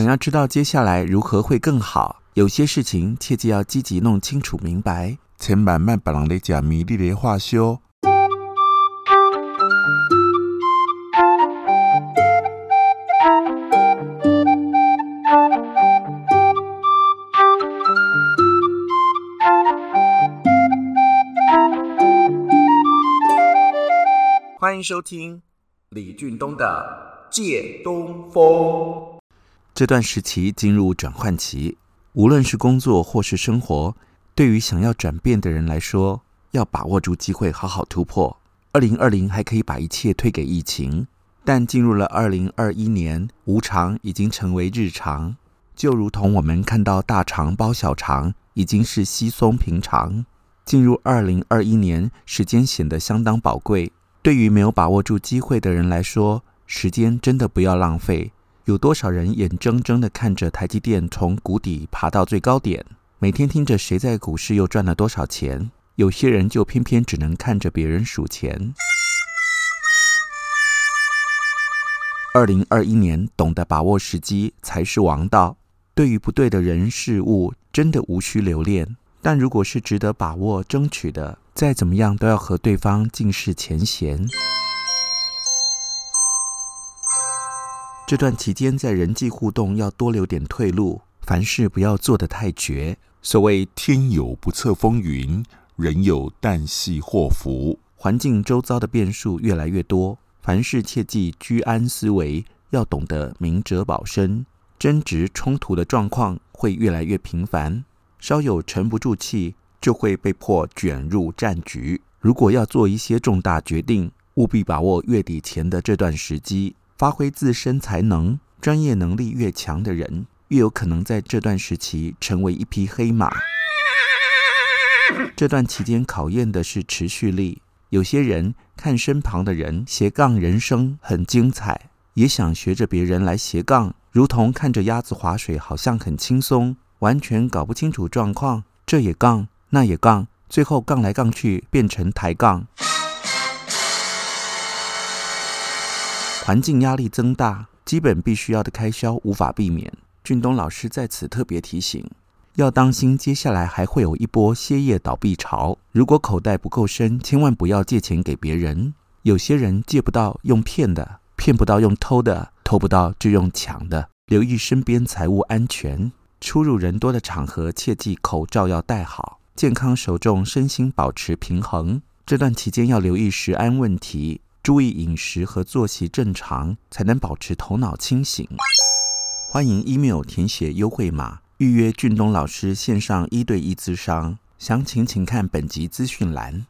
想要知道接下來如何會更好，有些事情切記要積極弄清楚明白。請慢慢白朗的假迷離的話說，歡迎收聽李俊東的借東風。這段時期進入轉換期，無論是工作或是生活，對於想要轉變的人來說，要把握住機會，好好突破。2020還可以把一切推給疫情，但進入了2021年，無常已經成為日常。就如同我們看到大腸包小腸，已經是稀鬆平常。進入2021年，時間顯得相當寶貴。對於沒有把握住機會的人來說，時間真的不要浪費。有多少人眼睜睜地看着台積電從谷底爬到最高點？每天聽着誰在股市又賺了多少錢？有些人就偏偏只能看着別人數錢。二零二一年，懂得把握時機才是王道。對於不對的人事物，真的無需留戀。但如果是值得把握、爭取的，再怎麼樣都要和對方盡釋前嫌。這段期間，在人際互動要多留點退路，凡事不要做得太絕。所謂“天有不測風雲，人有旦夕禍福”，環境周遭的變數越來越多，凡事切記居安思危，要懂得明哲保身。爭執衝突的狀況會越來越頻繁，稍有沉不住氣，就會被迫捲入戰局。如果要做一些重大決定，務必把握月底前的這段時機。發揮自身才能，專業能力越強的人，越有可能在這段時期成為一匹黑馬。這段期間考驗的是持續力。有些人看身旁的人斜槓人生很精彩，也想學着別人來斜槓，如同看着鴨子划水，好像很輕鬆，完全搞不清楚狀況。這也槓，那也槓，最後槓來槓去，變成抬槓。環境壓力增大，基本必須要的開銷無法避免。俊東老師在此特別提醒，要當心，接下來還會有一波歇業倒閉潮。如果口袋不夠深，千萬不要借錢給別人。有些人借不到用騙的，騙不到用偷的，偷不到就用搶的。留意身邊財物安全，出入人多的場合切記口罩要戴好，健康首重，身心保持平衡。這段期間要留意食安問題。注意飲食和作息正常，才能保持頭腦清醒。歡迎 email 填寫優惠碼，預約俊東老師線上一對一諮商，詳情請看本集資訊欄。